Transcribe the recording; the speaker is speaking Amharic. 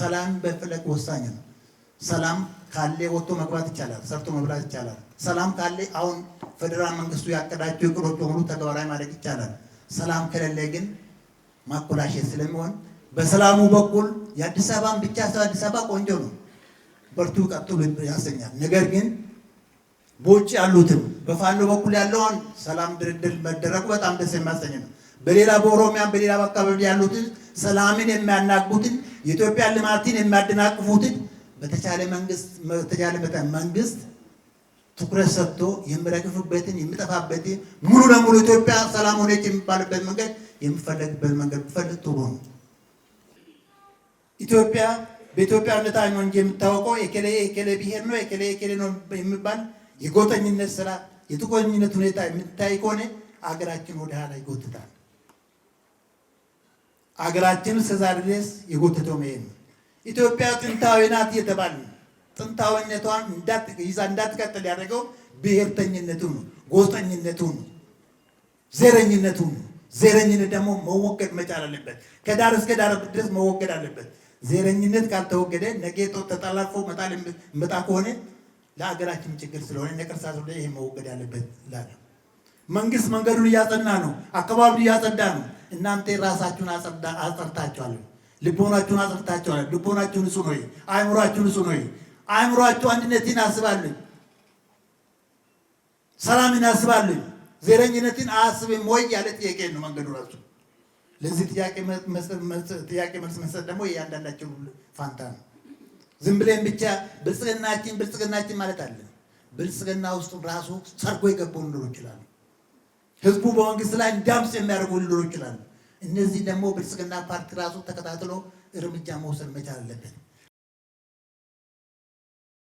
ሰላም በፍለግ ወሳኝ ነው። ሰላም ካለ ወጥቶ መግባት ይቻላል፣ ሰርቶ መብላት ይቻላል። ሰላም ካለ አሁን ፌዴራል መንግስቱ ያቀዳቸው እቅዶች በሙሉ ተግባራዊ ማድረግ ይቻላል። ሰላም ከሌለ ግን ማኮላሸት ስለሚሆን በሰላሙ በኩል የአዲስ አበባን ብቻ ሰው አዲስ አበባ ቆንጆ ነው፣ በርቱ፣ ቀጥሉ ያሰኛል። ነገር ግን በውጭ ያሉትም በፋኖ በኩል ያለውን ሰላም ድርድር መደረጉ በጣም ደስ የሚያሰኝ ነው። በሌላ በኦሮሚያ በሌላ አካባቢ ያሉትን ሰላምን የሚያናጉትን የኢትዮጵያ ልማትን የሚያደናቅፉትን በተቻለ መንግስት በተቻለ መጠን መንግስት ትኩረት ሰጥቶ የሚረግፍበትን የሚጠፋበትን ሙሉ ለሙሉ ኢትዮጵያ ሰላም ሆነች የሚባልበት መንገድ የሚፈለግበት መንገድ ፈልግ ጥሩ ነው። ኢትዮጵያ በኢትዮጵያዊነት ነው እንጂ የምታወቀው የከሌ የከሌ ብሔር ነው የከሌ የከሌ ነው የሚባል የጎጠኝነት ስራ የጥቆኝነት ሁኔታ የሚታይ ከሆነ አገራችን ወደ ኋላ ይጎትታል። አገራችን እስከዛሬ ድረስ የጎተተው መሄድ ነው። ኢትዮጵያ ጥንታዊ ናት እየተባለ ጥንታዊነቷን ይዛ እንዳትቀጥል ያደረገው ብሔርተኝነቱ ነው፣ ጎጠኝነቱ ነው፣ ዘረኝነቱ ነው። ዘረኝነት ደግሞ መወገድ መቻል አለበት። ከዳር እስከ ዳር ድረስ መወገድ አለበት። ዘረኝነት ካልተወገደ ነገ ጦር ተጠላፎ መጣል መጣ ከሆነ ለአገራችን ችግር ስለሆነ ነቀርሳ ዙ ይሄ መወገድ አለበት ላለ መንግስት መንገዱን እያጸና ነው። አካባቢውን እያጸዳ ነው። እናንተ ራሳችሁን አጸርታችኋል፣ ልቦናችሁን አጸርታችኋል። ልቦናችሁን ንጹህ ነው፣ አእምሯችሁ ንጹህ ነው። አእምሯችሁ አንድነትን አስባለኝ፣ ሰላምን አስባለኝ፣ ዘረኝነትን አያስብም ወይ ያለ ጥያቄ ነው መንገዱ ራሱ። ለዚህ ጥያቄ መልስ መስጠት ደግሞ እያንዳንዳችን ፋንታ ነው። ዝም ብለን ብቻ ብልጽግናችን ብልጽግናችን ማለት አለን። ብልጽግና ውስጥ ራሱ ሰርጎ የገቡ ሊኖሩ ይችላል። ህዝቡ በመንግስት ላይ ዳምፅ የሚያደርጉ ሊኖሩ ይችላሉ። እነዚህ ደግሞ ብልጽግና ፓርቲ ራሱ ተከታትሎ እርምጃ መውሰድ መቻል አለበት።